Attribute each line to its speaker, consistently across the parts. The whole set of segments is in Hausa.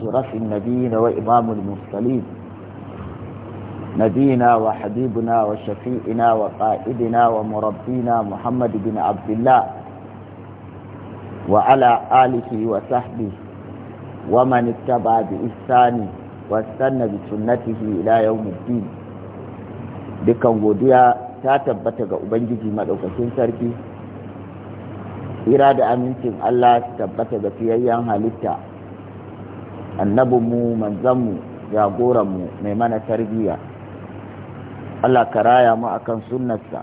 Speaker 1: أشرف النبيين وإمام المرسلين نبينا وحبيبنا وشفيئنا وقائدنا ومربينا محمد بن عبد الله وعلى آله وصحبه ومن اتبع بإحسان واستنى بسنته إلى يوم الدين dukan godiya ta tabbata ga ubangiji maɗaukakin sarki tsira da amincin allah tabbata ga fiyayyen halitta annabinmu manzanmu mu, mai mana tarbiyya Allah ka raya mu akan sunnarsa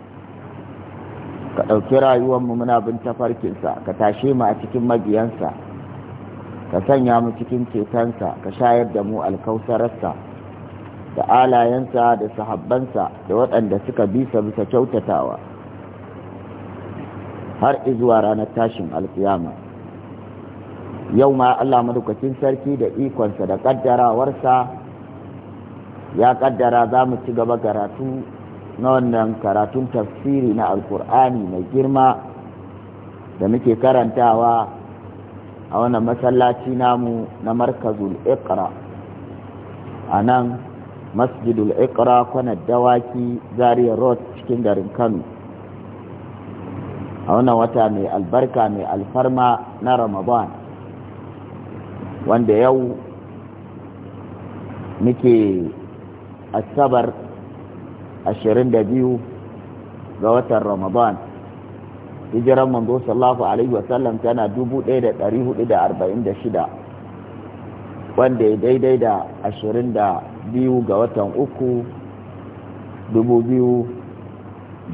Speaker 1: ka ɗauki rayuwanmu muna bin tafarkinsa ka tashe mu a cikin mabiyansa ka sanya mu cikin cetonsa ka shayar da mu alkausararsa da alayensa da sahabbansa da waɗanda suka bisa bisa kyautatawa har izuwa ranar tashin alkiyama yau ma Allah madaukakin sarki da ikonsa da kaddarawarsa ya kaddara za mu ci gaba karatu na wannan karatun tafsiri na alkur'ani mai girma da muke karantawa a wannan masallaci namu na markazul iqra a nan masjidul iqra kwanar dawaki zaria road cikin garin kano a wannan wata mai albarka mai alfarma na ramadan wanda yau muke asabar 22 ga watan ramadan hijiran manzo sallallahu alaihi wasallam tana 1446 wanda ya daidai da 22 ga watan uku 2025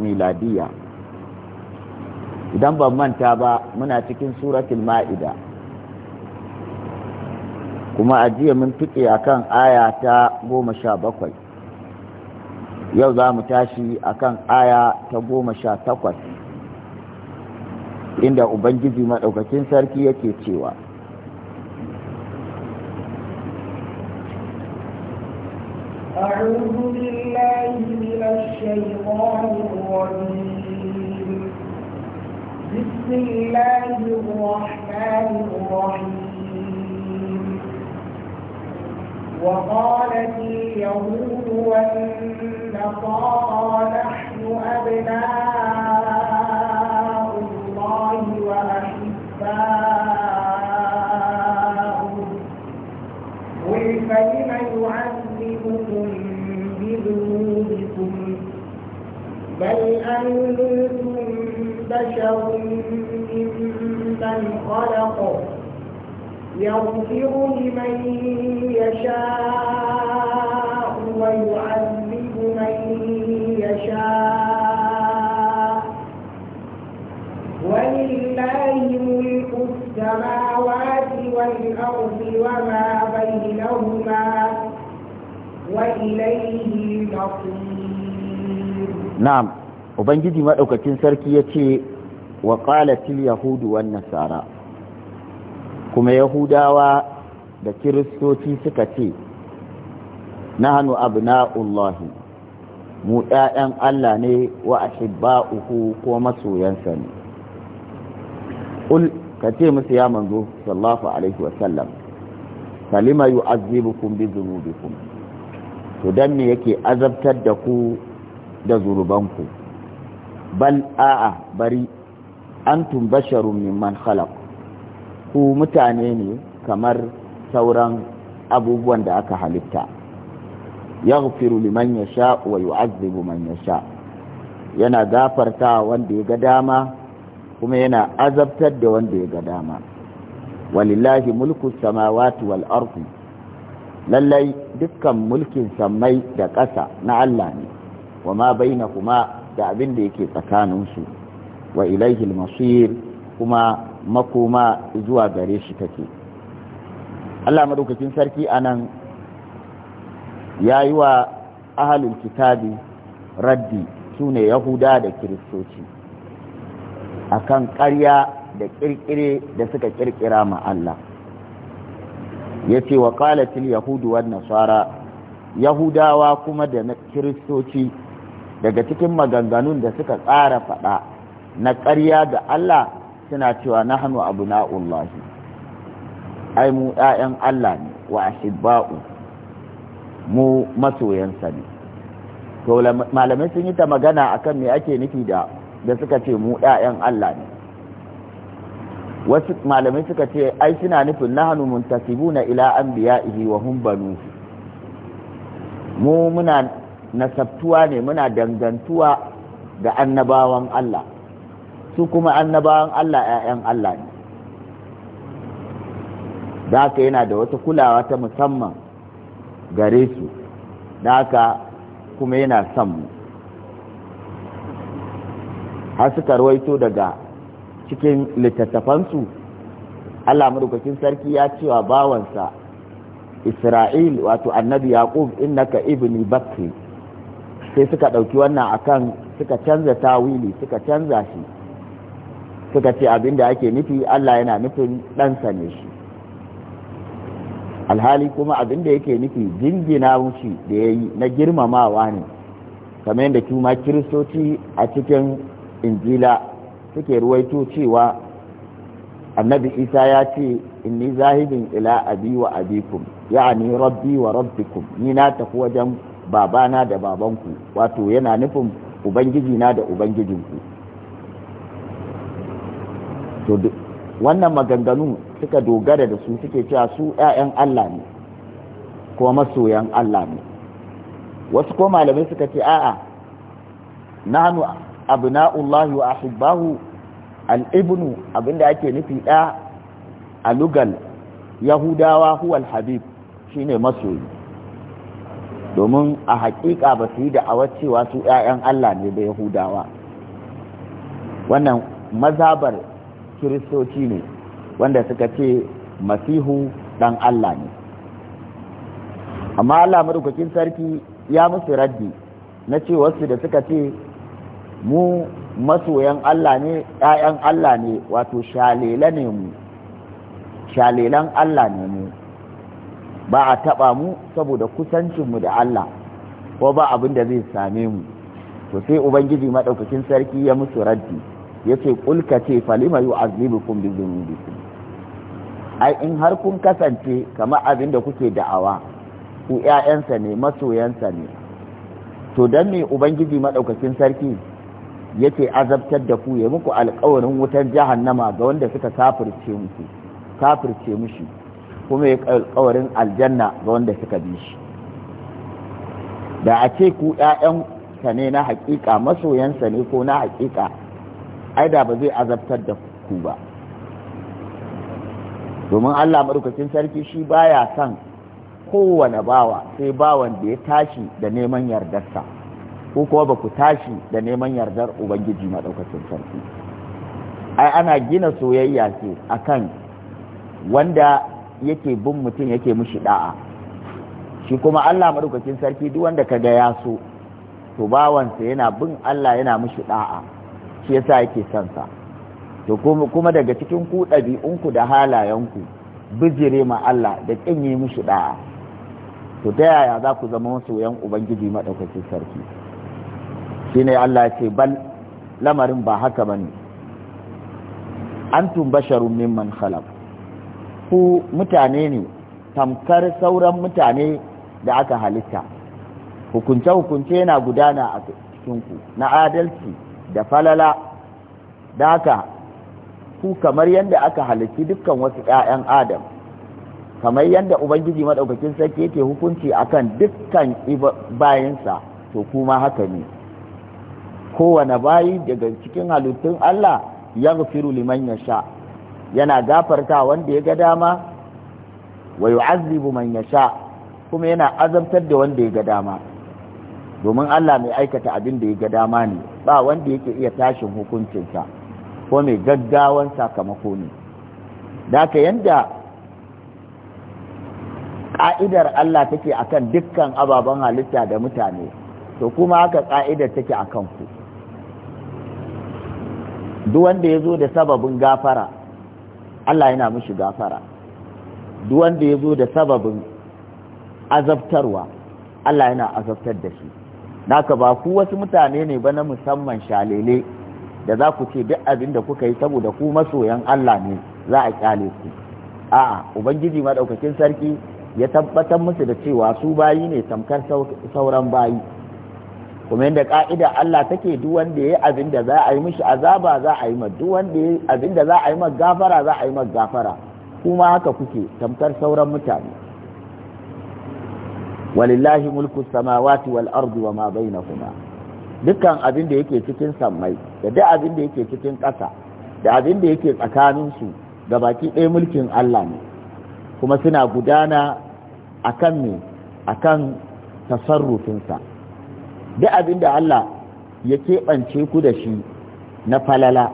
Speaker 1: miladiya idan ban manta ba muna cikin suratul ma'ida kuma a jiya mun tuke akan aya ta goma sha bakwai yau za mu tashi kan aya ta goma sha takwas inda ubangiji maɗaukakin sarki yake cewa
Speaker 2: أعوذ بالله من الشيطان الرجيم بسم الله الرحمن الرحيم وقالت اليهود والنصارى نحن أبناء الله وأحباؤه قل فلم يعذبكم بذنوبكم بل أنتم بشر ممن خلق يغفر لمن يشاء ويعذب من يشاء ولله ملك السماوات والأرض وما بينهما وإليه المصير
Speaker 1: نعم Ubangiji ما sarki ya وقالت اليهود والنصارى kuma yahudawa da kiristoci suka ce nahanu abna'ullahi mu ɗayan Allah ne wa uku ko masoyansa ne ka ce musu ya manzo sallallahu alaihi wasallam kalima yu'azzibukum bi dhunubikum to dan me yake azabtar da ku da zurubanku bal a'a bari antum basharun man khalaq su mutane ne kamar sauran abubuwan da aka halitta ya liman sha wa yu'azzibu man ya sha? yana gafarta wanda ya ga dama kuma yana azabtar da wanda ya ga dama walillahi mulku samawati wal ardi lallai dukkan mulkin sammai da ƙasa na Allah ne wa ma kuma da abin da yake tsakaninsu wa ilaihi al-masir kuma makoma zuwa gare shi take Allah madaukakin sarki anan ya yi wa ahalul kitabi raddi su ne yahuda da kiristoci akan ƙarya da ƙirƙire da suka ƙirƙira ma Allah ya ce wa ƙalatil yahudu wa nasara yahudawa kuma da kiristoci daga cikin maganganun da suka tsara faɗa na ƙarya ga Allah suna cewa na hannu nahnu abna'ullahi ai mu ƴaƴan Allah ne wa ahibba'u mu masoyansa ne to malamai sun yi ta magana akan me ake nufi da da suka ce mu ƴaƴan Allah ne wasu malamai suka ce ai suna nufin na hannu nahnu na ila anbiya'ihi wa hum banu mu muna nasabtuwa ne muna dangantuwa da annabawan Allah su kuma annabawan Allah ‘ya'yan Allah ne da haka yana da wata kulawa ta musamman gare su da haka kuma yana son mu har suka rawaito daga cikin littattafansu Allah madaukakin sarki ya cewa bawansa Isra'il wato annabi Yaqub innaka ibni bakri sai suka ɗauki wannan akan suka canza tawili suka canza shi suka ce abin da ake nufi Allah yana nufin ɗansa ne shi alhali kuma abin da yake nufi jingina shi da ya yi na girmamawa ne kamar yadda kuma kiristoci a cikin injila suke ruwaito cewa annabi isa ya ce inni zahidin ila abi wa abikum ni rabbi wa rabbikum ni na tafi wajen babana da babanku wato yana nufin ubangijina da ubangijinku to wannan maganganu suka dogara da su suke cewa su 'ya'yan Allah ne ko masoyan Allah ne wasu ko malamai suka ce a'a nanu abna'ullahi wa ahibahu al-ibnu abinda ake nufi da a lugal yahudawa huwal habib shine masoyi domin a haƙiƙa ba su yi da'awar cewa su 'ya'yan Allah ne da yahudawa wannan mazabar kiristoci ne wanda suka ce masihu dan Allah ne amma Allah madaukakin sarki ya musu raddi na ce wasu da suka ce mu masoyan Allah ne ɗayan Allah ne wato shalela ne mu shalelan Allah ne mu ba a taɓa mu saboda kusancin mu da Allah ko ba abin da zai same mu to sai ubangiji maɗaukakin sarki ya musu raddi yace kulka ka ce falima yu'azibukum bi ai in har kun kasance kamar abin da kuke da'awa ku ƴaƴansa ne masoyansa ne to dan me ubangiji madaukakin sarki yake azabtar da ku ya muku alƙawarin wutar jahannama ga wanda suka kafirce muku kafirce mushi kuma ya alƙawarin aljanna ga wanda suka bi shi da a ce ku ƴaƴan ne na haƙiƙa masoyansa ne ko na haƙiƙa ai da ba zai azabtar da ku ba domin Allah madaukakin sarki shi baya son kowane bawa sai bawan da ya tashi da neman yardarsa ko kuma ba ku tashi da neman yardar ubangiji madaukakin sarki ai ana gina soyayya ce akan wanda yake bin mutum yake mushi da'a shi kuma Allah madaukakin sarki duk wanda kaga ya so to bawansa yana bin Allah yana mushi da'a shi yasa yake son sa to kuma daga cikin ku ɗabi'unku da halayenku bijire ma Allah da yi mushi da'a to ta yaya za ku zama masoyan ubangiji maɗaukacin sarki shine Allah ya ce bal lamarin ba haka bane antum basharun mimman khalaq ku mutane ne tamkar sauran mutane da aka halitta hukunce-hukunce yana gudana a cikinku na adalci da falala da haka ku kamar yadda aka halarci dukkan wasu 'ya'yan adam kamar yadda ubangiji maɗaukacin sarki yake hukunci akan dukkan bayansa to kuma haka ne kowane bayi daga cikin halittun Allah ya gafiru liman ya sha yana gafarta wanda ya ga dama wa yu'azzibu man ya sha kuma yana azabtar da wanda ya ga dama domin Allah mai aikata abin da ya ga dama ne ba wanda yake iya tashin hukuncinsa ko mai gaggawan sakamako ne da ka yanda ƙa'idar Allah take akan dukkan ababen halitta da mutane to kuma haka ƙa'idar take kan ku duk wanda ya zo da sababin gafara Allah yana mishi gafara duk wanda ya zo da sababin azabtarwa Allah yana azabtar da shi naka ba ku wasu mutane ne ba na musamman shalele da za ku ce duk abin da kuka yi saboda ku masoyan Allah ne za a kyale ku a'a ubangiji madaukakin sarki ya tabbatar musu da cewa su bayi ne tamkar sauran bayi kuma yadda ka'ida Allah take duk wanda yayi abin da za a yi mishi azaba za a yi ma duk wanda yayi abin da za a yi ma gafara za a yi ma gafara kuma haka kuke tamkar sauran mutane walillahi mulku samawati wal ardi wa ma bainahuma dukkan abin da yake cikin sammai da duk abin da yake cikin ƙasa da abin da yake tsakaninsu ga baki ɗaya mulkin Allah ne kuma suna gudana a kan akan a kan tasarrufinsa duk abin da Allah ya keɓance ku da shi na falala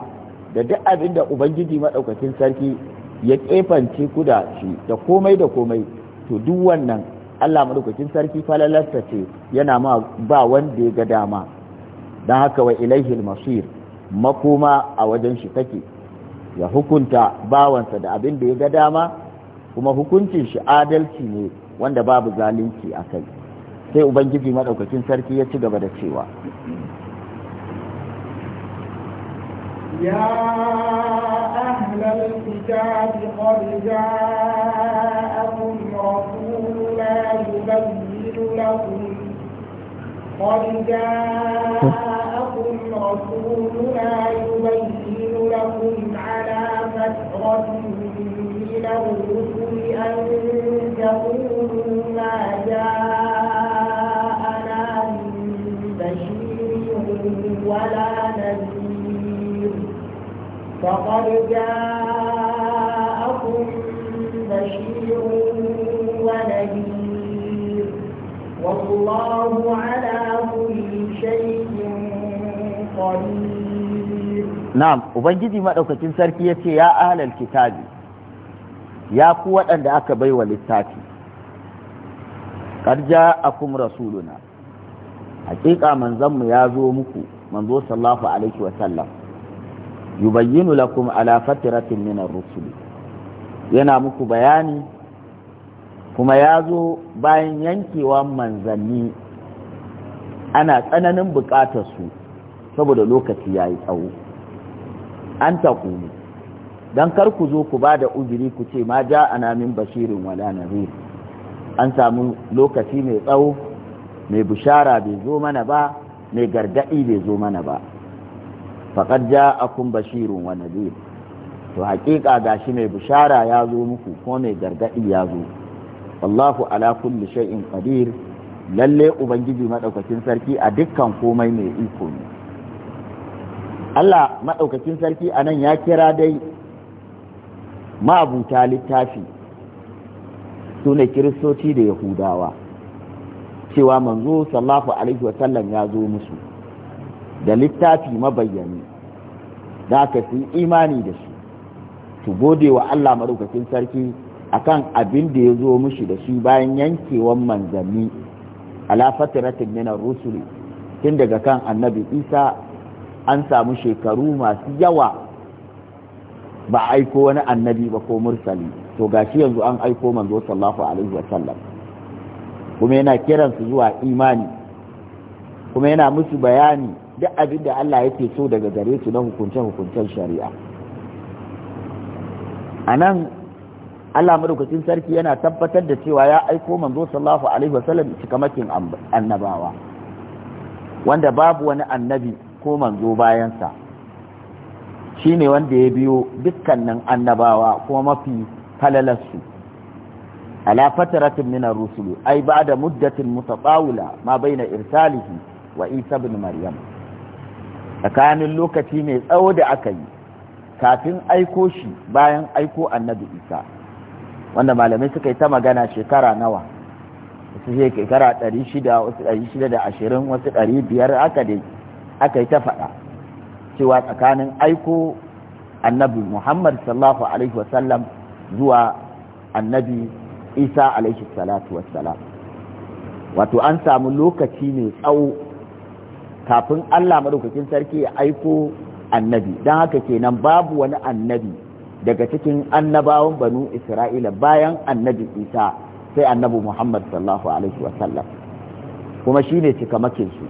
Speaker 1: da duk abin da Ubangiji maɗaukakin sarki ya keɓance ku da shi da komai da komai to duk wannan Allah maɗaukakin sarki falalarsa ce yana ma ba wanda ya ga dama don haka wa ilaihi masir makoma a wajen shi take ya hukunta bawansa da abin da ya ga dama kuma hukuncin shi adalci ne wanda babu zalunci a kai sai ubangiji maɗaukakin sarki ya ci gaba da cewa
Speaker 2: يا أهل الكتاب قد جاءكم رسولنا يبين لكم قد جاءكم رسولنا يبين لكم على فترة من الرسل أن تقولوا ما جاءنا من بشير ولا نذير فقد جاءكم بشير ونذير
Speaker 1: Na'am, Ubangiji maɗaukacin sarki ya ce, “Ya ahalar kitabi, ya ku waɗanda aka baiwa wa littafi, ƙarja a kum rasuluna, hakika manzanmu ya zo muku, manzo sallafa a laiki wasallam, yi bayyina lakum ala fatiratin minan rasulu, yana muku bayani kuma ya zo bayan yankewa manzanni ana tsananin su, saboda lokaci ya yi tsawo an taƙuni don kar ku zo ku ba da uzuri ku ce ma ja ana min bashirin wala nazir an samu lokaci mai tsawo mai bishara bai zo mana ba mai gargaɗi bai zo mana ba Faƙar ja akun bashirin wa nazir to haƙiƙa gashi mai bishara ya zo muku ko mai gargaɗi ya zo wallahu ala kulli shay'in qadir lalle ubangiji madaukakin sarki a dukkan komai mai iko ne Allah maɗaukakin sarki a nan ya kira dai ma'abuta littafi su ne kiristoci da yahudawa cewa manzo sallallahu alaihi wasallam ya zo musu da littafi mabayyani da aka fi imani da su su gode wa Allah maɗaukakin sarki akan abin da ya zo mushi da shi bayan yankewan manzanni ala fatiratin minar rusuli tun daga kan annabi isa an samu shekaru masu yawa ba aiko wani annabi ba ko mursali to gashi yanzu an aiko manzo sallallahu alaihi wasallam kuma yana kiran su zuwa imani kuma yana musu bayani duk abin da Allah yake so daga gare su na hukunce-hukuncen shari'a a nan Allah madaukakin sarki yana tabbatar da cewa ya aiko manzo sallallahu alaihi wasallam cikamakin annabawa wanda babu wani annabi ko manzo bayansa shine wanda ya biyo dukkanin annabawa kuma mafi falalarsu ala fataratin min ar-rusul ay ba'da muddatin mutatawila ma baina irsalihi wa Isa ibn Maryam tsakanin lokaci mai tsawo da aka yi kafin aiko shi bayan aiko annabi Isa wanda malamai suka yi ta magana shekara nawa wasu shekara 600 wasu 620 wasu 500 aka dai aka yi ta faɗa cewa tsakanin aiko annabi muhammad sallallahu alaihi wasallam zuwa annabi isa alaihi salatu wassalam wato an samu lokaci mai tsawo kafin allah maɗaukakin sarki ya aiko annabi don haka kenan babu wani annabi daga cikin annabawan banu isra'ila bayan annabi isa sai annabi muhammad sallallahu alaihi wasallam kuma shi ne cikamakinsu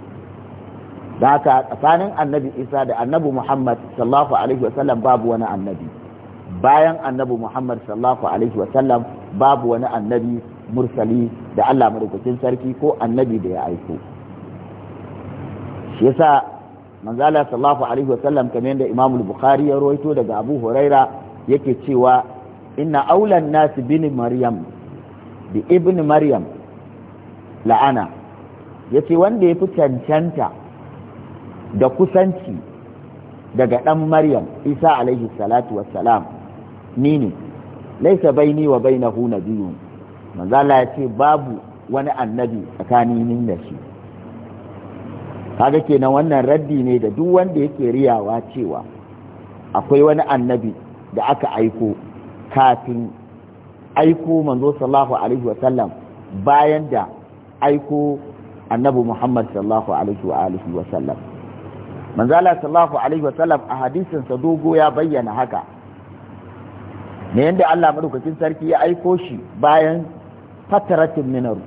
Speaker 1: da haka tsakanin annabi isa da annabi muhammad sallallahu alaihi wasallam babu wani annabi bayan annabi muhammad sallallahu alaihi wasallam babu wani annabi mursali da allah madaukakin sarki ko annabi da ya aiko shi yasa manzala sallallahu alaihi wasallam kamar yadda imamul bukhari ya rawaito daga abu huraira yake cewa inna aulan nasi bin maryam da ibn maryam la'ana yace wanda ya fi cancanta da kusanci daga ɗan maryam isa alaihi salatu wassalam ni ne laisa baini wa bainahu nabiyun biyu. Allah ya ce babu wani annabi tsakanin da shi kaga kenan wannan raddi ne da duk wanda yake riyawa cewa akwai wani annabi da aka aiko kafin aiko manzo Sallahu alaihi wa sallam bayan da aiko annabi Muhammad Sallahu alaihi wa alihi wa sallam manzo Allah sallallahu alaihi wa sallam a hadisin sa dogo ya bayyana haka ne yadda Allah madaukakin sarki ya aiko shi bayan fataratin minar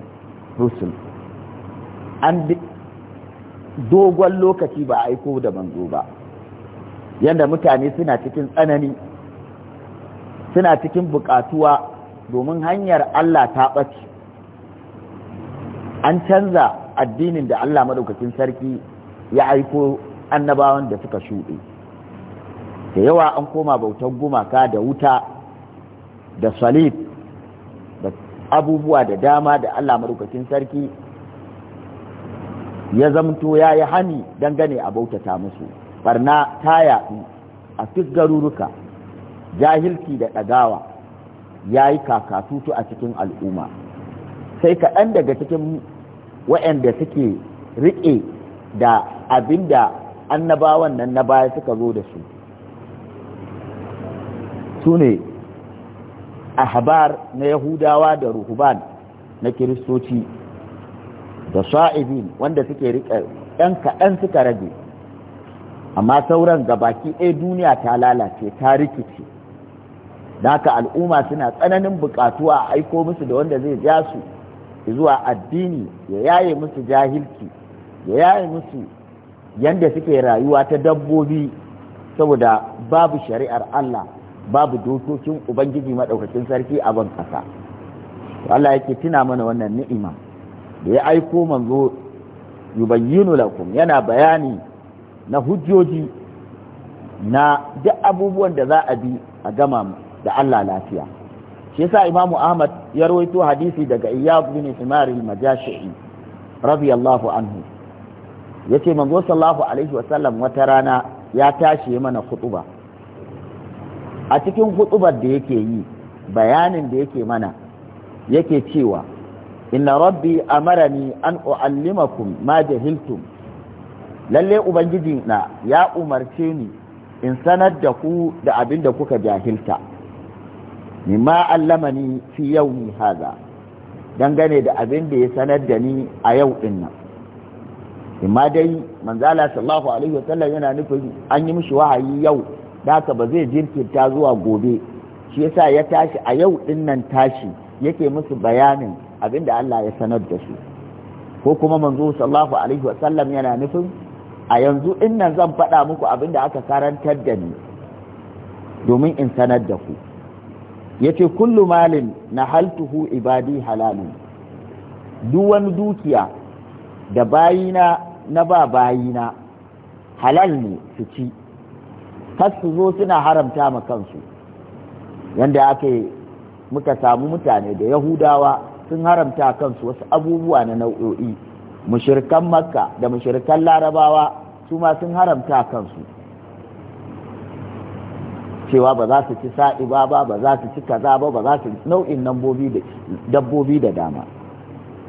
Speaker 1: rusul an dogon lokaci ba aiko da manzo ba yanda mutane suna cikin tsanani suna cikin buƙatuwa domin hanyar Allah ta ɓace an canza addinin da Allah maɗaukacin sarki ya aiko annabawan da suka shuɗe da yawa an koma bautar gumaka da wuta da salib da abubuwa da dama da Allah maɗaukacin sarki ya zamto ya yi hani dangane a bautata musu barna ta yaɗu a duk garuruka jahilci da ɗagawa ya yi kakatutu a cikin al'umma sai kaɗan daga cikin waɗanda suke riƙe da abin da annabawan nan na baya suka zo da su su ne a habar na yahudawa da ruhuban na kiristoci da sha'ibin wanda suke riƙe ɗan kaɗan suka rage amma sauran ga baki ɗaya duniya ta lalace ta rikice da haka al'umma suna tsananin buƙatuwa a aiko musu da wanda zai ja su zuwa addini ya yaye musu jahilci ya yaye musu yadda suke rayuwa ta dabbobi saboda babu shari'ar Allah babu dokokin ubangiji maɗaukacin sarki a ban ƙasa Allah yake tuna mana wannan ni'ima da ya aiko manzo yubayyinu lakum yana bayani na hujjoji na duk abubuwan da za a bi a gama da Allah lafiya shi yasa imamu ahmad ya rawaito hadisi daga iyad bin himar al-majashi'i radiyallahu anhu yace manzo sallallahu alaihi wa sallam wata rana ya tashi mana khutuba a cikin khutubar da yake yi bayanin da yake mana yake cewa inna rabbi amarani an uallimakum ma jahiltum lalle ubangiji na ya umarce ni in sanar da ku da abin da kuka jahilta mimma allamani fi haza, don dangane da abin da ya sanar da ni a yau din nan imma dai manzala sallallahu alaihi wasallam yana nufin an yi mishi wahayi yau da daka ba zai jirkinta zuwa gobe shi yasa ya tashi a yau din nan tashi yake musu bayanin abin da Allah ya sanar da su ko kuma manzo sallallahu alaihi wasallam yana nufin a yanzu in nan zan faɗa muku abin da aka karantar da ni domin in sanar da ku yace kullu malin na haltuhu ibadi halalin duk wani dukiya da bayina na ba bayina halal ne su ci har su zo suna haramta ma kansu yanda aka muka samu mutane da yahudawa sun haramta kansu wasu abubuwa na nau'o'i mushirkan makka da mushirkan larabawa su ma sun haramta kansu cewa ba za su ci sa'iba ba ba za su ci kaza ba ba za su nau'in dabbobi da dama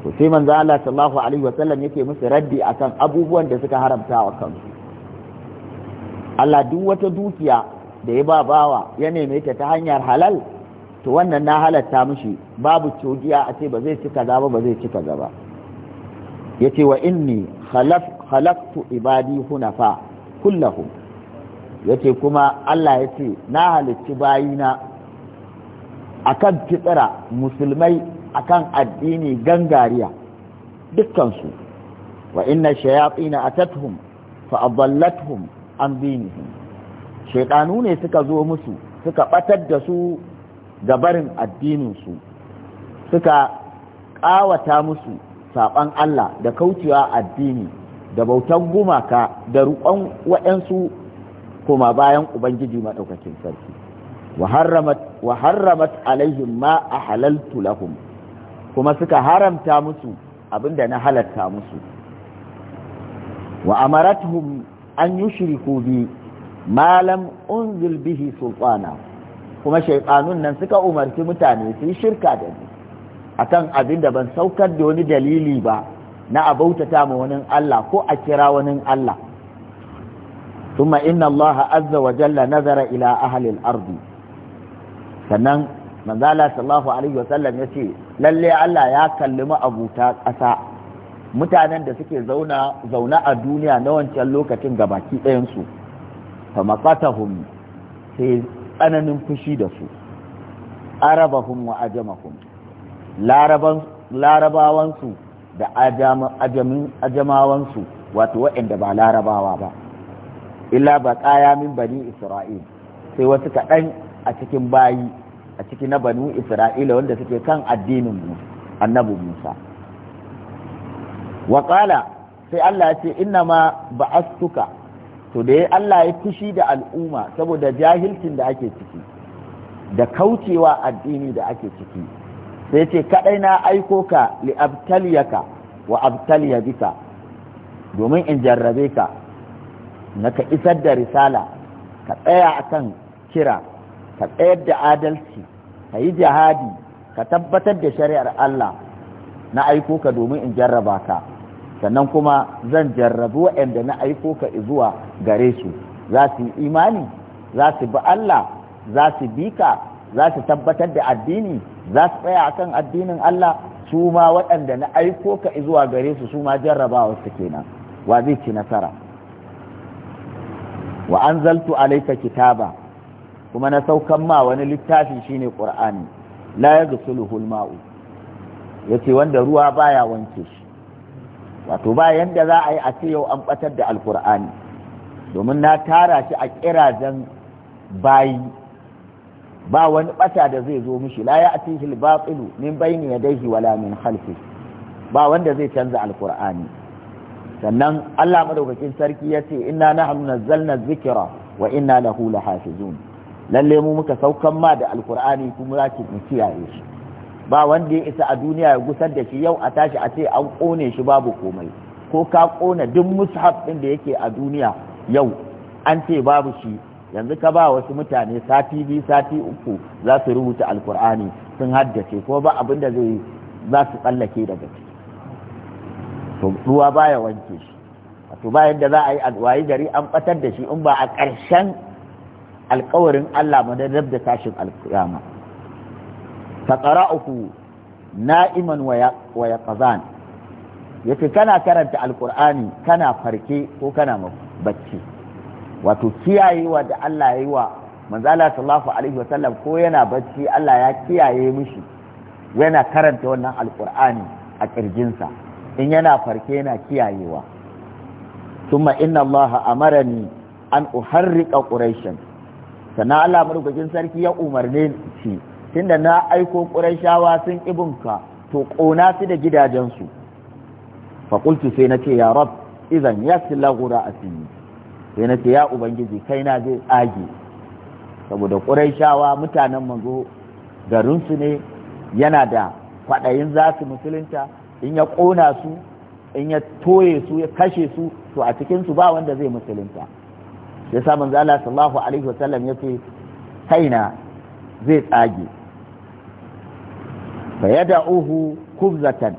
Speaker 1: to sai manzo Allah sallallahu alaihi wa sallam yake musu raddi akan abubuwan da suka haramta wa kansu Allah duk wata dukiya da ya ba bawa ya neme ta ta hanyar halal to wannan na halatta mishi babu cogiya a ce ba zai ci kaza ba ba zai ci kaza ba yace wa inni khalaqtu ibadi hunafa kullahum yace kuma Allah ya ce na halicci bayina akan fitsira musulmai akan addini gangariya dukkansu wa inna na a fa adallatuhum an dinihim shaytanu ne suka zo musu suka batar da su ga barin suka ƙawata musu saɓan Allah da kaucewa addini da bautan gumaka da ruƙon waɗansu koma bayan ubangiji maɗaukacin sarki wa harramat alaihim ma ahalaltu lahum kuma suka haramta musu abinda na halatta musu wa amaratuhum an yushriku bi ma lam unzil bihi sultana kuma shaytanun nan suka umarci mutane su yi shirka da ni akan abin da ban saukar da wani dalili ba na abautata ma wani Allah ko a kira wani Allah ثم إن الله عز وجل نظر إلى أهل الأرض sannan manzala sallallahu alaihi wasallam ya ce lalle Allah ya kalli ma'abuta ƙasa mutanen da suke zauna zauna a duniya na wancan lokacin gabaki ɗayansu fa maqatahum sai tsananin fushi da su arabahum wa ajamahum larabawansu da ajamawansu wato waɗanda ba larabawa ba illa ba kaya min bani isra'il sai wasu kaɗan a cikin bayi a ciki na banu isra'ila wanda suke kan addinin mu annabi musa wa sai allah ya ce inna ma ba'astuka to da allah ya fushi da al'umma saboda jahilcin da ake ciki da kaucewa addini da ake ciki sai ce kadai na aiko ka li abtaliyaka wa abtaliya bika domin in jarrabe ka na ka isar da risala ka tsaya a kan kira ka tsayar da adalci ka yi jihadi ka tabbatar da shari'ar Allah na aiko ka domin in jarraba ka sannan kuma zan jarrabu waɗanda na aiko ka zuwa gare su za su yi imani za su bi Allah za su bi ka za su tabbatar da addini za su tsaya a kan addinin Allah su ma waɗanda na aiko ka zuwa gare su su ma jarrabawa su kenan wa zai ci nasara wa zaltu alaika kitaba kuma na saukan ma wani littafi shine qur'ani la yaghsuluhu al-ma'u ce wanda ruwa baya wanke shi wato ba yadda za a yi a ce yau an batar da alkur'ani domin na tara shi a kirajen bayi ba wani bata da zai zo mishi la ya'tihi al-batilu min bayni yadayhi wala min khalfihi ba wanda zai canza alkur'ani sannan Allah madaukakin sarki ya ce inna nahnu nazzalna dhikra wa inna lahu lahafizun lalle mu muka saukan ma da alqur'ani kuma za ki kiyaye shi ba wanda ya isa a duniya ya gusar da shi yau a tashi a ce an kone shi babu komai ko ka kona duk mushaf din da yake a duniya yau an ce babu shi yanzu ka ba wasu mutane sati biyu sati uku za su rubuta alkur'ani sun haddace ko ba abin da zai za su tsallake daga ciki ruwa baya wanke shi to bayan da za a yi alwayi gari an batar da shi in ba a ƙarshen alkawarin Allah ma da tashin alkiyama uku na'iman wa yaqzan yace kana karanta alqur'ani kana farke ko kana bacci wato kiyayewa da Allah ya yi wa manzo Allah sallallahu alaihi Sallam ko yana bacci Allah ya kiyaye mishi yana karanta wannan alkur'ani a kirjinsa in yana farke yana kiyayewa thumma inna Allah ni an uharriqa quraishan sana Allah madaukakin sarki ya umarne shi tunda na aiko quraishawa sun ibunka to kona su da gidajensu qultu sai nace ce ya rab idan ya silagura a sai nace ya ubangiji kai na zai tsage saboda ƙuraishawa mutanen manzo su ne yana da kwaɗayin za su musulunta in ya ƙona su in ya toye su ya kashe su to a cikin su ba wanda zai musulunta ya sa manzo Allah sallallahu alaihi wasallam ce kaina zai tsage fa yad'uhu kubzatan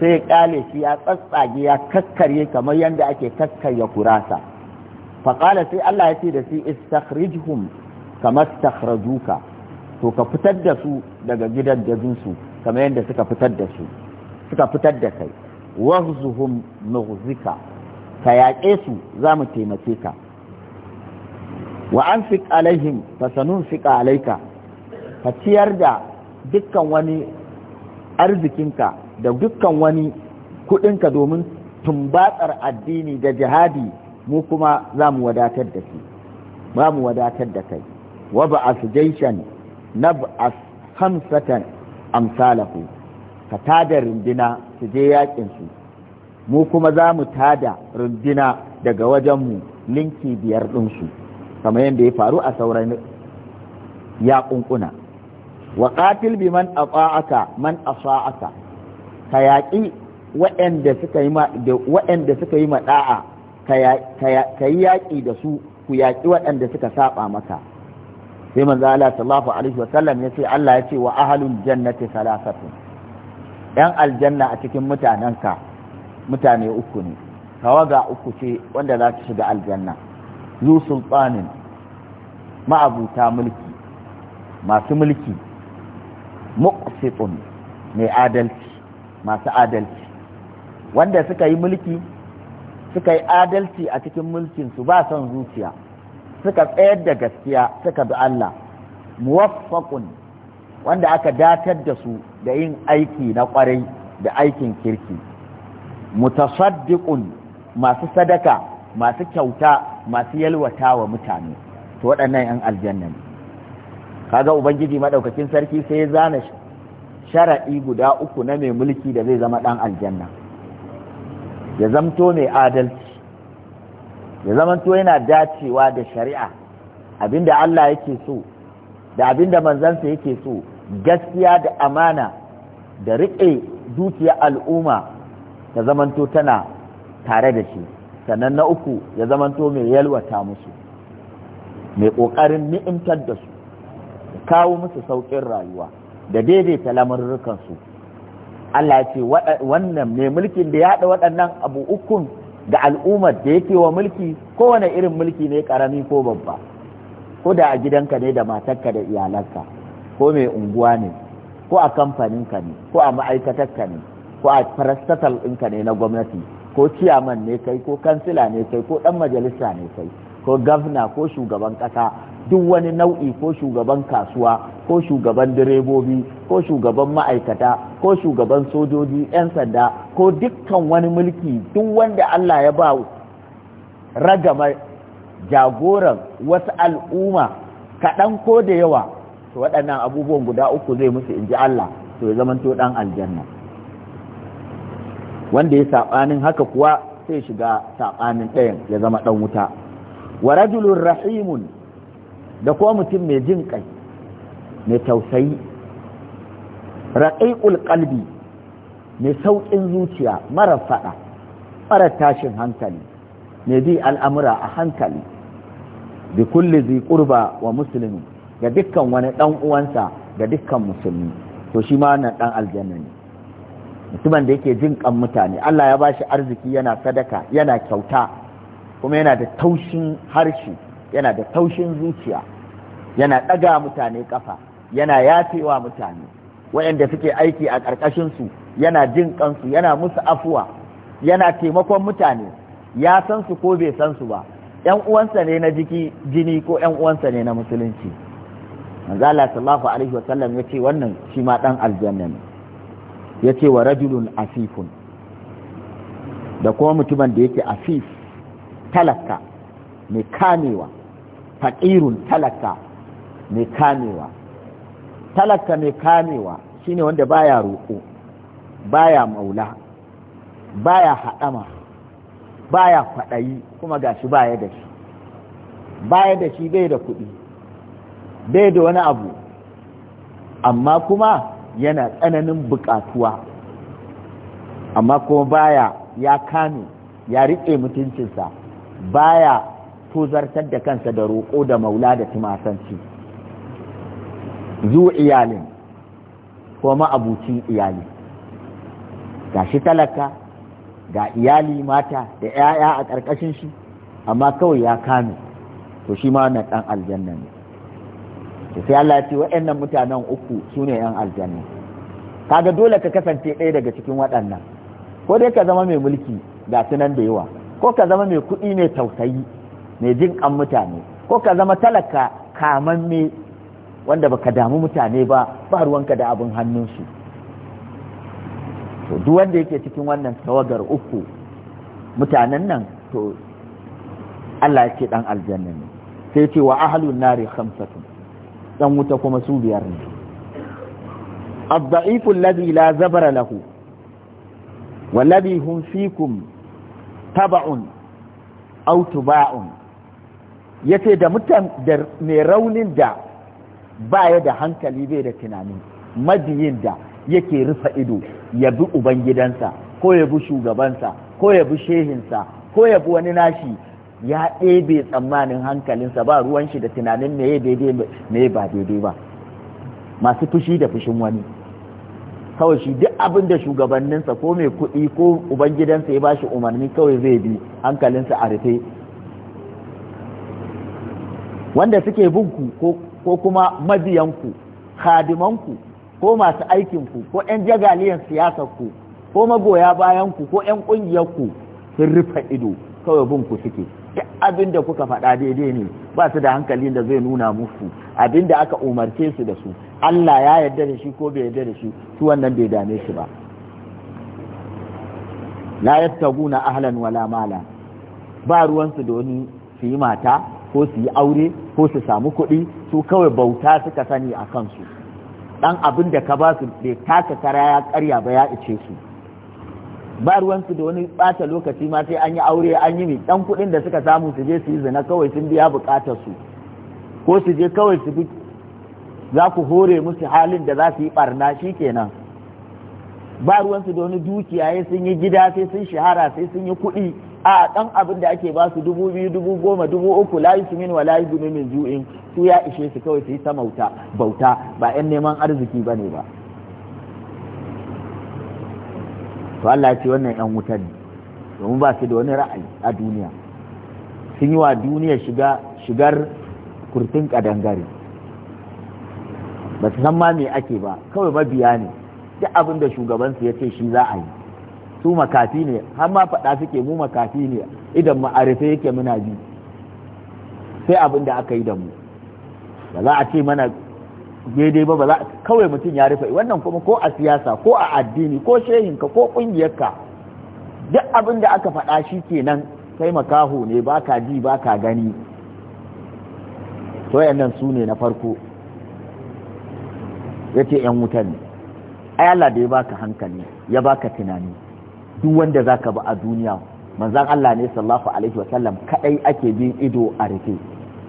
Speaker 1: sai kale shi ya tsatsage ya kakkarye kamar yadda ake kakkarya kurasa fa qala sai Allah ya ce da shi istakhrijhum kama istakhrajuka to ka fitar da su daga gidan su kamar yadda suka fitar da su suka fitar da kai wahzuhum nughzika ka yaƙe su za mu taimake ka wa an alaihim fa sanunfiqa alaika ka ciyar da dukkan wani arzikinka da dukkan wani kuɗinka domin tumbatsar addini da jihadi mu kuma za mu wadatar da shi ba mu wadatar da kai wa ba asjaishan nab'as hamsatan amsalahu ka tada rundina su je yakin su mu kuma za mu tada rundina daga wajenmu linki biyar ɗinsu kamar yadda ya faru a sauran yakunkuna wa qatil bi man ata'aka man asa'aka ka yaƙi waɗanda suka yi ma waɗanda suka yi ka yi yaƙi da su ku yaƙi waɗanda suka saba maka sai manzo Allah sallallahu alaihi wa sallam yace Allah yace wa ahlul jannati salasatun 'yan aljanna a cikin mutanenka mutane uku ne tawaga uku ce wanda za ta shiga aljanna zu sultanin ma'abuta mulki masu mulki muqsitun mai adalci masu adalci wanda suka yi mulki suka yi adalci a cikin mulkin su, ba son zuciya suka tsayar da gaskiya suka bi Allah muwaffaqun wanda aka datar da su da yin aiki na kwarai da aikin kirki mutasaddiqun masu sadaka masu kyauta masu yalwata wa mutane to waɗannan 'yan aljanna ne kaga ubangiji maɗaukakin sarki sai ya zana shara'i guda uku na mai mulki da zai zama ɗan aljanna ya zamto mai adalci ya zamanto yana dacewa da shari'a abinda Allah yake so da abinda manzansa yake so gaskiya da amana da riƙe dukiya al'umma ta zamanto tana tare da shi sannan na uku ya zamanto mai yalwata musu mai ƙoƙarin ni'imtar da su kawo musu sauƙin rayuwa da daidaita lamurrukansu Allah ya ce wannan mai mulkin da ya haɗa waɗannan abu ukun da al'ummar da yake wa mulki kowane irin mulki ne ƙarami ko babba ko da a gidanka ne da matarka da iyalanka ko mai unguwa ne ko a kamfaninka ne ko a ka ne ko a farastatal ɗinka ne na gwamnati ko ciyaman ne kai ko kansila ne kai ko ɗan majalisa ne kai ko gavna ko shugaban ƙasa duk wani nau'i ko shugaban kasuwa ko shugaban direbobi ko shugaban ma'aikata ko shugaban sojoji 'yan sanda ko dukkan wani mulki duk wanda Allah ya ba ragama jagoran wasu al'umma kaɗan ko da yawa to waɗannan abubuwan guda uku zai musu in ji Allah to ya zamanto ɗan aljanna wanda ya saɓanin haka kuwa sai shiga saɓanin ɗayan ya zama ɗan wuta wa rajulun rahimun da kuma mutum mai jin kai mai tausayi raƙiƙul ƙalbi mai sauƙin zuciya mara faɗa mara tashin hankali mai bi al'amura a hankali bi kulli zai ƙurba wa musulmi ga dukkan wani dan uwansa ga dukkan musulmi to shi ma wannan dan aljanna ne mutumin da yake jin kan mutane Allah ya bashi arziki yana sadaka yana kyauta kuma yana da taushin harshe yana da taushin zuciya yana ɗaga mutane kafa yana yafewa mutane waɗanda suke aiki a su yana jin kansu yana musu afuwa yana taimakon mutane ya san su ko bai san su ba ‘yan uwansa ne na jiki jini ko ‘yan uwansa ne na musulunci manzo Allah sallallahu alaihi sallam yace wannan shi ma dan aljanna ne yace wa rajulun asifun da kuma mutumin da yake asif talaka mai kamewa faqirun talaka mai kamewa talaka mai kamewa shine wanda baya roƙo baya maula baya haɗama baya kwaɗayi kuma gashi baya da shi baya da shi bai da kuɗi bai da wani abu amma kuma yana tsananin buƙatuwa amma kuma baya ya kame ya riƙe mutuncinsa baya tozartar da kansa da roƙo da maula da tumasanci zu iyalin ko abucin iyali ga shi talaka ga iyali mata da 'ya'ya a ƙarƙashin shi amma kawai ya kame to shi ma wannan ɗan aljanna ne to sai Allah ya ce waɗannan mutanen uku su ne yan aljanna kaga dole ka kasance ɗaya daga cikin waɗannan ko dai ka zama mai mulki ga nan da yawa ko ka zama mai kuɗi mai tausayi mai jin ƙan mutane ko ka zama talaka me wanda baka damu mutane ba ba ruwanka da abin hannunsu to duk wanda yake cikin wannan tawagar uku mutanen nan to Allah ya ce dan aljanna ne sai ce wa ahlun nari khamsatun dan wuta kuma su biyar ne الضعيف الذي zabara زبر له والذي هم فيكم تبع أو تباع yace da mutan da mai raunin da baya da hankali bai da tunani majiyin da yake rufe ido ya bi ubangidansa ko ya bi shugabansa ko ya bi shehinsa ko ya bi wani nashi ya ɗebe tsammanin hankalinsa ba ruwan shi da tunanin ya daidai me ba daidai ba masu fushi da fushin wani kawai shi duk abin da shugabanninsa ko mai kuɗi ko ubangidansa ya bashi umarni kawai zai bi hankalinsa a rufe wanda suke binku ko kuma mabiyanku hadimanku ko masu aikinku ko 'yan jagaliyan siyasarku ko magoya bayanku ko 'yan ƙungiyarku sun rufe ido kawai bunku suke duk abin da kuka faɗa daidai ne ba su da hankalin da zai nuna musu abin da aka umarce su da su Allah ya yarda da shi ko bai yarda da shi su wannan bai dame shi ba la yattaguna ahlan wala mala ba ruwansu da wani su yi mata ko su yi aure ko su samu kuɗi su kawai bauta suka sani a kansu ɗan abin da ka ba su bai taka karaya ya karya ba ya ice su ba ruwansu da wani bata lokaci ma sai an yi aure an yi mai ɗan kuɗin da suka samu su je su yi zina kawai sun biya buƙatar su ko su je kawai su bi za ku hore musu halin da za su yi ɓarna shi kenan ba ruwansu da wani dukiya sai sun yi gida sai sun shahara sai sun yi kuɗi a ɗan abin da ake ba su dubu biyu dubu goma dubu uku layi su min wa layi min ju'in su ya ishe su kawai su yi ta bauta ba 'yan neman arziki ba ne ba to Allah ya ce wannan yan wuta ne domin ba su da wani ra'ayi a duniya sun yi wa duniya shiga shigar kurtin kadangare ba su san ma me ake ba kawai mabiya ne duk abin da shugabansu ya ce shi za a yi su makafi ne har ma faɗa suke mu makafi ne idan ma'arife yake muna bi sai abin da aka yi da mu ba za a ce mana daidai ba ba za kawai mutum ya rufe wannan kuma ko a siyasa ko a addini ko shehinka ko ƙungiyarka duk abin da aka faɗa shi ke nan kai makaho ne ba ka ji ba ka gani to yannan su ne na farko ya ce ‘yan wuta ne ai Allah da ya baka hankali ya baka tunani duk wanda za ka bi a duniya manzan Allah ne sallallahu alaihi wasallam kaɗai ake bin ido a rufe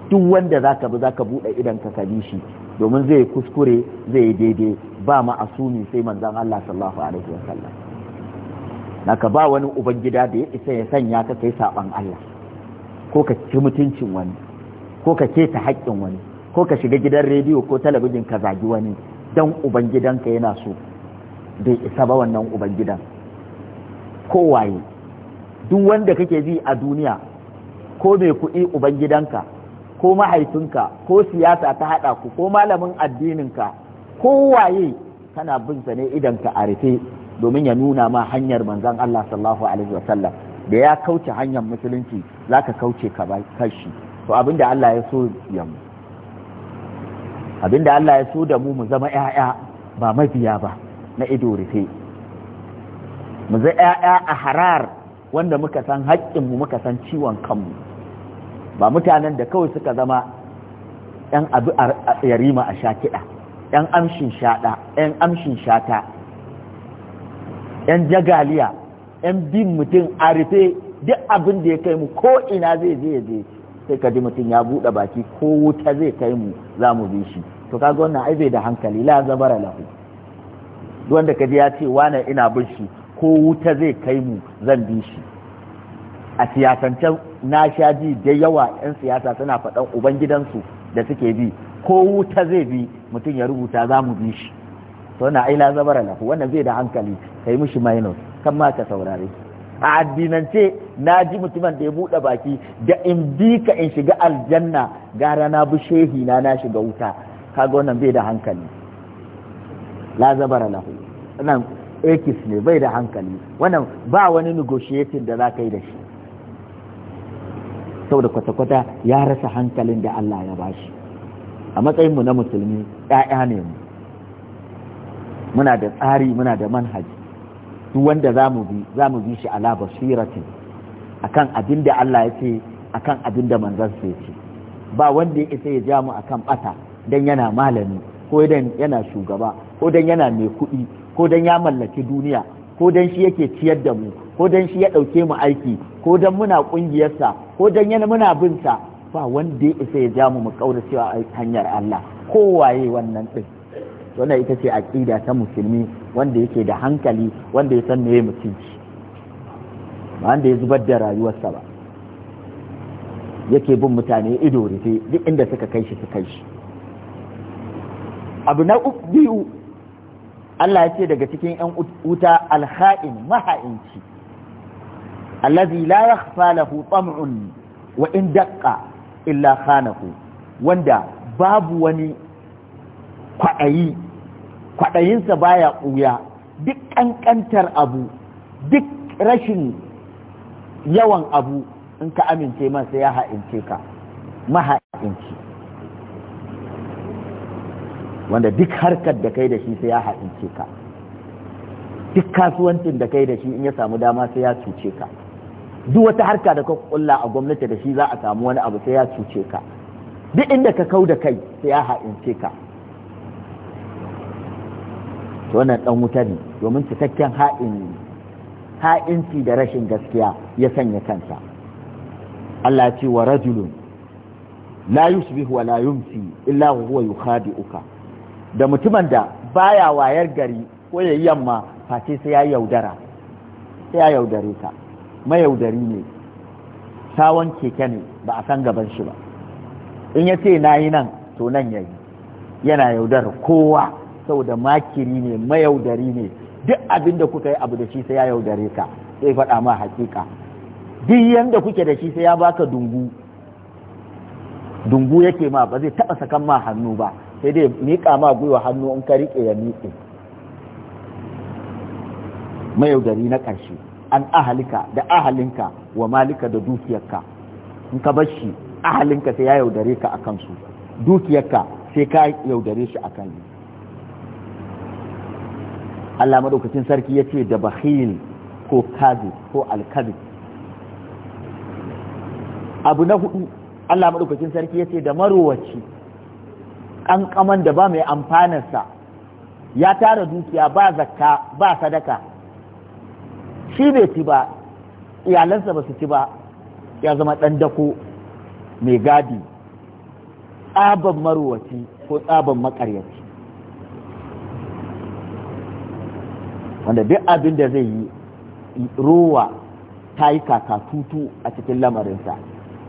Speaker 1: duk wanda za ka bi za ka buɗe idan ka bi shi domin zai kuskure zai daidai ba ma ma'asumi sai manzon Allah sallallahu alaihi sallam naka ba wani ubangida da ya isa ya sanya ka kai saban Allah ko ka ci mutuncin wani ko ka keta haƙƙin wani ko ka shiga gidan rediyo ko talabijin ka zagi wani dan ubangidanka yana so bai isa ba wannan ubangidan waye duk wanda kake ji a duniya ko mai kuɗi ubangidanka ko mahaifinka ko siyasa ta haɗa ku ko malamin addininka ko waye kana bin sa ne idanka a rufe domin ya nuna ma hanyar manzon Allah sallallahu alaihi sallam da ya kauce hanyar musulunci zaka kauce ka ba kashi to abinda Allah ya so ya mu abinda Allah ya so da mu mu zama ƴaƴa ba mafiya ba na ido rufe mu zai ƴaƴa a harar wanda muka san mu muka san ciwon kanmu ba mutanen da kawai suka zama yan abu a yarima a sha kiɗa yan amshin shaɗa yan amshin shata yan jagaliya yan bin mutum a rufe duk abin da ya kai mu ko ina zai je je sai ka ji mutum ya buɗe baki ko wuta zai kai mu za mu bi shi to kaga wannan ai bai da hankali la zabara lahu wanda ka ji ya ce wane ina bin shi ko wuta zai kai mu zan bi shi a siyasance na sha ji da yawa 'yan siyasa suna faɗan ubangidansu da suke bi ko wuta zai bi mutum ya rubuta za mu bi shi to na aila zabara lahu wannan zai da hankali kai mishi minus kan ma ka saurare a addinance na ji mutumin da ya buɗe baki da in bi ka in shiga aljanna gara na bi shehi na na shiga wuta kaga wannan bai da hankali la zabara lahu wannan ekis ne bai da hankali wannan ba wani negotiating da za ka yi da shi saboda kwata-kwata ya rasa hankalin da Allah ya ba shi a matsayinmu na musulmi ‘ya'ya ne mu muna da tsari muna da manhaji duk wanda za mu bi za mu bi shi ala basiratin akan abin da Allah ya ce akan abin da manzon ya ce ba wanda ya isa ya ja mu akan bata dan yana malami ko dan yana shugaba ko dan yana mai kuɗi ko dan ya mallaki duniya ko dan shi yake ciyar da mu ko dan shi ya ɗauke mu aiki ko dan muna ƙungiyarsa ko dan yana muna bin sa ba wanda ya isa ya ja mu mu kaura cewa hanyar Allah Ko waye wannan din wannan ita ce aƙida ta musulmi wanda yake da hankali wanda ya san meye mutunci ba wanda ya zubar da rayuwarsa ba yake bin mutane ido rufe duk inda suka kai shi su kai shi abu na biyu Allah ya ce daga cikin 'yan wuta alha'in maha'inci allazi la yakhfa lahu tam'un wa in illa khanahu wanda babu wani kwaɗayi kwaɗayinsa baya ɓuya duk ƙanƙantar abu duk rashin yawan abu in ka amince masa ya ha'ince ka wanda duk harkar da kai da shi sai ya ha'ince ka duk kasuwancin da kai da shi in ya samu dama sai ya cuce ka duk wata harka da ka kulla a gwamnati da shi za a samu wani abu sai ya cuce ka duk inda ka kau da kai sai ya ha'ince ka to wannan dan wuta ne domin cikakken ha'in ha'inci da rashin gaskiya ya sanya kansa Allah ce wa rajulun la yusbihu wa la yumsi illa huwa yukhadi'uka da mutumin da baya wayar gari ko yayi yamma face sai ya yaudara sai ya yaudare ka mayaudari ne sawon keke ne ba a san gaban shi ba in ya ce na yi nan to nan ya yi yana yaudar kowa saboda makiri ne mayaudari ne duk abin da kuka yi abu da shi sai ya yaudare ka sai faɗa ma hakika duk yanda kuke da shi sai ya baka dungu dungu yake ma ba zai taɓa sakan ma hannu ba sai dai miƙa ma gwiwa hannu in ka riƙe ya miƙe mayaudari na ƙarshe an ahalika da ahalinka wa malika da dukiyarka in ka bar shi ahalinka sai ya yaudare ka a kansu dukiyarka sai ka yaudare shi a kan Allah madaukakin sarki ya ce da bakhil ko kazi ko alkazi abu na hudu Allah madaukakin sarki ya ce da marowaci ƙanƙaman da ba mai amfanarsa ya tara dukiya ba zakka ba sadaka shi bai ci ba iyalansa ba su ci ba ya zama ɗan dako mai gadi tsaban maruwaci ko tsaban makaryaci wanda duk abin da zai yi Rowa ta yi kakatutu a cikin lamarinsa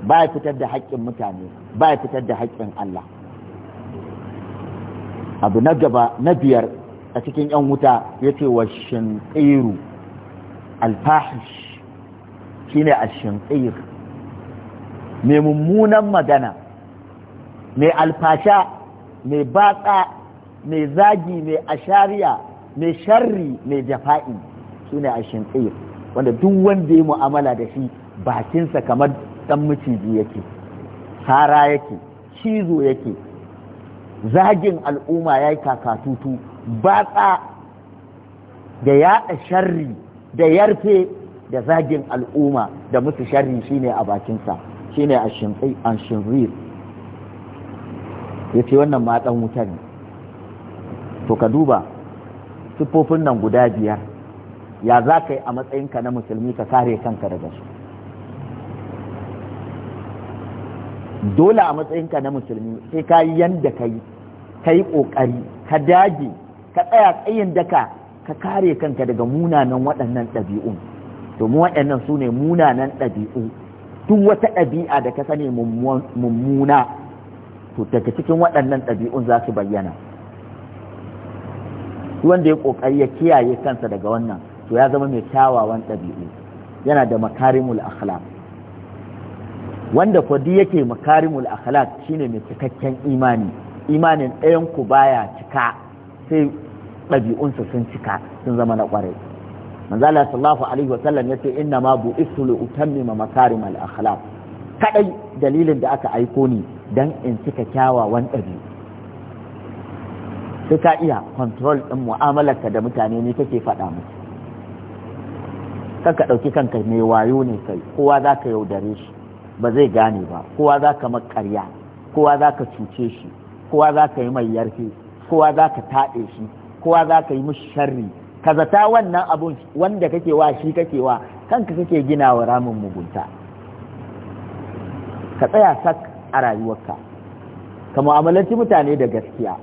Speaker 1: ba ya fitar da haƙƙin mutane ba ya fitar da haƙƙin Allah abu na gaba na biyar a cikin 'yan wuta ya ce wa shinƙiru alfahish shine ashinqir mai mummunan magana mai alfasha mai batsa mai zagi mai ashariya mai sharri mai jafa'i shine ashinqir wanda duk wanda ya mu'amala da shi bakinsa kamar dan maciji yake sara yake cizo yake zagin al'umma ya yi kakatutu batsa da yaɗa sharri da yarfe da zagin al'umma da musu sharri shine a bakinsa shine a shinrir ya ce wannan ma ɗan wuta ne to ka duba siffofin nan guda biyar ya za ka yi a matsayinka na musulmi ka kare kanka daga su dole a matsayinka na musulmi sai ka yi yadda ka yi ka yi ƙoƙari ka dage ka tsaya tsayin daka ka kare kanka daga munanan waɗannan ɗabi'un domin waɗannan su ne munanan ɗabi'u duk wata ɗabi'a da ka sani mummuna to daga cikin waɗannan ɗabi'un za su bayyana wanda ya ƙoƙari ya kiyaye kansa daga wannan to ya zama mai kyawawan ɗabi'u yana da makarimul akhlaq wanda kwadi yake makarimul akhlaq shine mai cikakken imani imanin ɗayan ku baya cika sai ɗabi'unsa sun cika sun zama na ƙwarai manzala sallallahu alaihi wa sallam yace inna ma bu'istu li utammima makarim al akhlaq Kaɗai dalilin da aka aiko ni dan in cika kyawawan ɗabi'u sai ka iya control din mu'amalarka da mutane ne kake faɗa musu kanka ɗauki kanka mai wayo ne kai kowa za ka yaudare shi ba zai gane ba kowa za ka makarya kowa za ka cuce shi kowa za ka yi mai yarfe kowa za ka taɗe shi kowa za ka yi mushi sharri ka zata wannan abun wanda kake wa shi kake wa kanka kake gina wa ramin mugunta ka tsaya sak a rayuwarka ka mu'amalanci mutane da gaskiya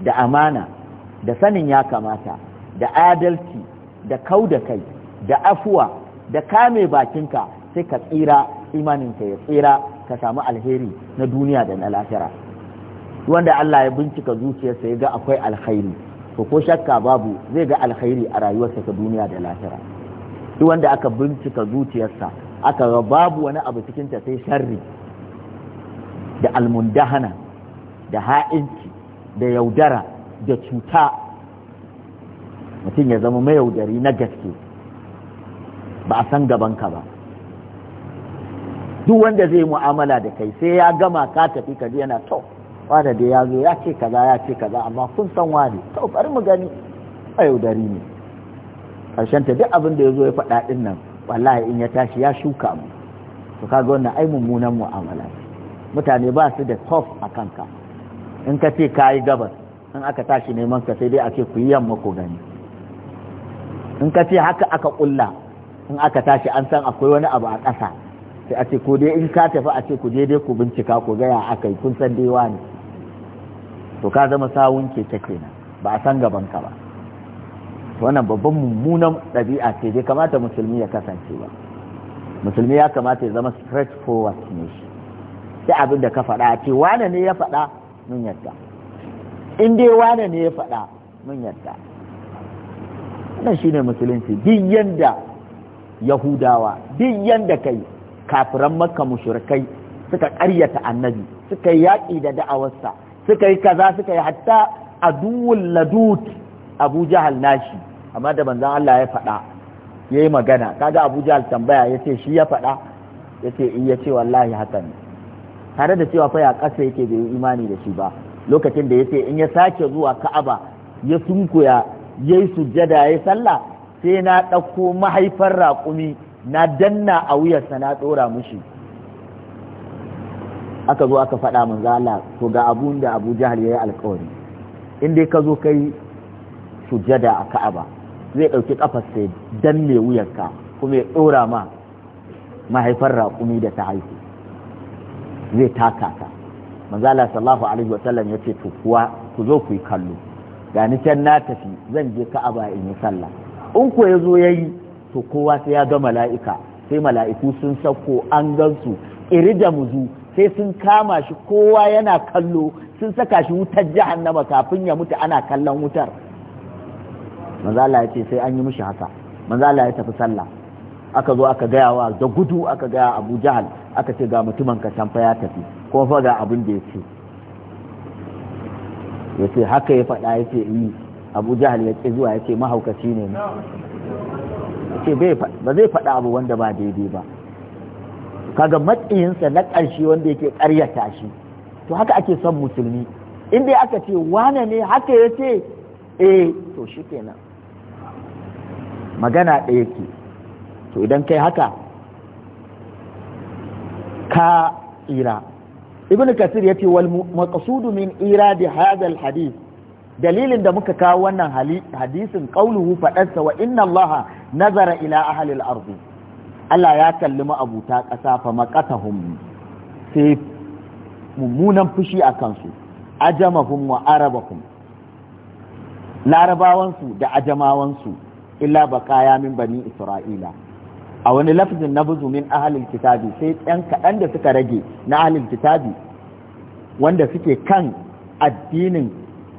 Speaker 1: da amana da sanin ya kamata da adalci da kau da kai da afuwa da kame bakinka sai ka tsira imaninka ya tsira ka samu alheri na duniya da na lahira wanda Allah ya bincika zuciyarsa ya ga akwai alkhairi to ko shakka babu zai ga alkhairi a rayuwarsa ta duniya da lahira duk wanda aka bincika zuciyarsa aka ga babu wani abu cikin ta sai sharri da almundahana da ha'inci da yaudara da cuta mutum ya zama mai yaudari na gaske ba a san gaban ka ba duk wanda zai mu'amala da kai sai ya gama ka tafi ka yana top wane da ya zo ya ce kaza ya ce kaza amma kun san wane to bari mu gani a yaudari ne karshen ta duk abin da ya zo ya faɗa ɗin nan wallahi in ya tashi ya shuka mu to kaga wannan ai mummunan mu'amala mutane ba su da kof a kanka in ka ce ka yi gabas in aka tashi neman ka sai dai a ce ku yi yamma ku gani in ka ce haka aka kulla in aka tashi an san akwai wani abu a ƙasa sai a ce ko dai in ka tafi a ce ku je dai ku bincika ku gaya aka yi kun san dai wani to ka zama sawun keke kenan ba a san gaban ka ba wannan babban mummunan ɗabi'a ce dai kamata musulmi ya kasance ba musulmi ya kamata ya zama forward ne shi sai abin da ka faɗa ce wane ne ya faɗa mun yadda in dai wane ne ya faɗa mun yadda wannan shine musulunci din yanda yahudawa din yanda kai kafiran makka mushrikai suka ƙaryata annabi suka yaƙi da da'awarsa suka yi kaza suka yi hatta duwul ladut abu jahal nashi amma da manzon Allah ya faɗa ya yi magana kaga abu jahal tambaya ya ce shi ya faɗa ya ce in eh, ya ce wallahi haka ne tare da cewa faya ya ƙasa yake bai yi imani da shi ba lokacin da ya ce in ya sake zuwa ka'aba ya sunkuya ya yi sujjada ya sallah sai na ɗauko mahaifar raƙumi na danna a wuyarsa na ɗora mushi aka zo aka faɗa manzo Allah to ga abun da Abu Jahal yayi alƙawari in dai ka zo kai sujada a Ka'aba zai ɗauki kafar sai danne wuyarka kuma ya ɗora ma mahaifar raƙumi da ta haihu zai taka ka manzo Allah sallallahu alaihi wa sallam yace to kuwa ku zo ku yi kallo ga ni can na tafi zan je Ka'aba in yi sallah in ko ya yayi to kowa sai ya ga mala'ika sai mala'iku sun sauko an gansu iri da muzu sai sun kama shi kowa yana kallo sun saka shi wutar jahannama kafin ya mutu ana kallon wutar manzala ya ce sai an yi mishi haka manzala ya tafi sallah aka zo aka gaya wa da gudu aka gaya abu jahal aka ce ga mutumin ka can fa ya tafi kuma fa ga abin da ya ce ya ce haka ya faɗa ya ce yi abu jahal ya ce zuwa ya ce mahaukaci ne ya ce ba zai faɗa abu wanda ba daidai ba kaga matsayinsa na ƙarshe wanda yake ƙaryata shi to haka ake son musulmi in aka ce wane ne haka ya ce eh to shi kenan magana ɗaya ke to idan kai haka ka tsira ibn kasir ya ce wal maqsudu min ira hadha al hadith dalilin da muka kawo wannan hadisin qauluhu fadarsa wa inna allaha nazara ila ahli al ardh Allah ya kalli ma'abuta ƙasa fa maƙatahum sai mummunan fushi a kansu ajamahum wa arabahum larabawansu da ajamawansu illa baqaya min bani isra'ila a wani lafzin na buzu min ahalin kitabi sai ɗan kaɗan da suka rage na ahalin kitabi wanda suke kan addinin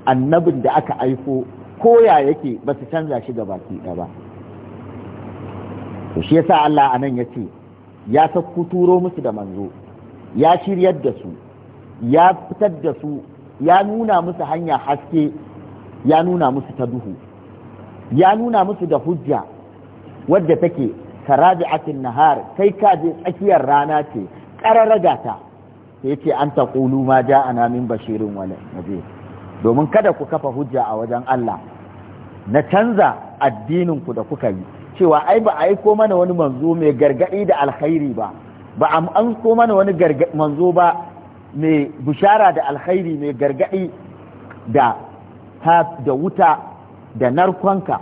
Speaker 1: annabin da aka aiko koya yake ba su canza shi ga baki ɗaya ba to shi yasa Allah anan ya ce ya sakku turo musu da manzo ya shiryar da su ya fitar da su ya nuna musu hanya haske ya nuna musu ta duhu ya nuna musu da hujja wadda take karabi'atin nahar kai ka je tsakiyar rana ce ƙararraga ta sai ce an ta ƙulu ma ja a namin bashirin wani nabi domin kada ku kafa hujja a wajen Allah na canza addininku da kuka yi cewa ai ba a aiko mana wani manzo mai gargadi da alkhairi ba ba a an ko mana wani manzo ba mai bushara da alkhairi mai gargadi da da wuta da narkonka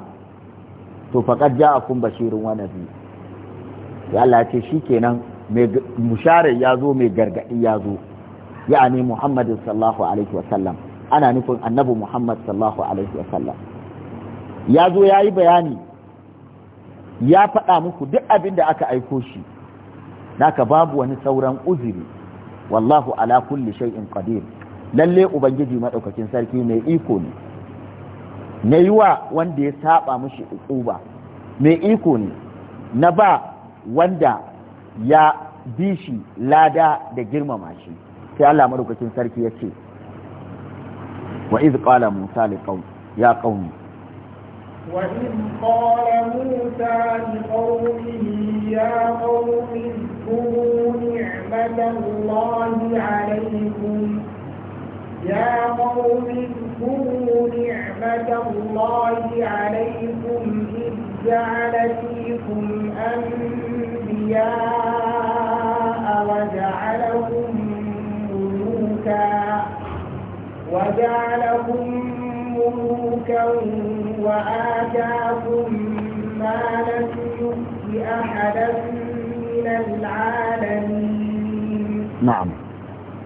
Speaker 1: to faqad ja'akum bashirun wa nabi ya Allah shi kenan mai bushara ya zo mai gargadi ya zo ya ya'ani muhammadin sallallahu alaihi wasallam ana nufin annabi muhammad sallallahu alaihi wasallam ya zo ya yi bayani ya faɗa muku duk abin da aka aiko shi naka babu wani sauran uzuri wallahu ala kulli shay'in qadir lalle ubangiji madaukakin sarki mai iko ne na yi wa wanda ya saba mushi ƙuba. mai iko ne na ba wanda ya bi shi lada da girmama shi sai Allah madaukakin sarki ya ce wa iz qala musa liqaum ya qaumi
Speaker 2: وإذ قال موسى لقومه يا قوم اذكروا نعمة الله عليكم يا قوم اذكروا نعمة الله عليكم إذ جعل فيكم أنبياء وجعلكم ملوكا وجعلكم ملكا وآتاكم ما لم يؤت أحدا من العالمين نعم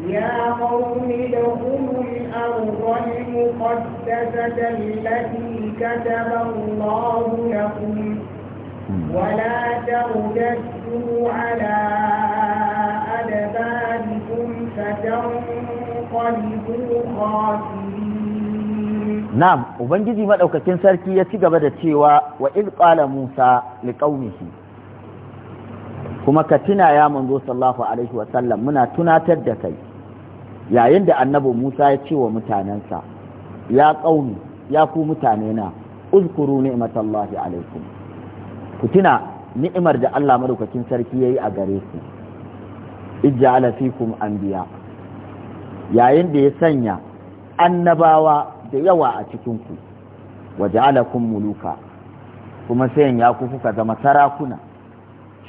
Speaker 2: يا قوم ادخلوا الأرض المقدسة التي كتب الله لكم ولا ترددوا على أدباركم فتنقلبوا خاسرين
Speaker 1: na'am ubangiji madaukakin sarki ya ci gaba da cewa wa id Musa musa liqaumihi kuma ka tuna ya manzo sallallahu alaihi wa sallam muna tunatar da kai yayin da annabi musa ya ce wa mutanensa ya ƙauni ya ku mutane na uzkuru ni'matallahi alaikum ku tuna ni'imar da Allah madaukakin sarki ya yi a gare ku ijjala fikum yayin da ya sanya annabawa da yawa a cikinku alakun muluka kuma sayan ya ku kuka zama sarakuna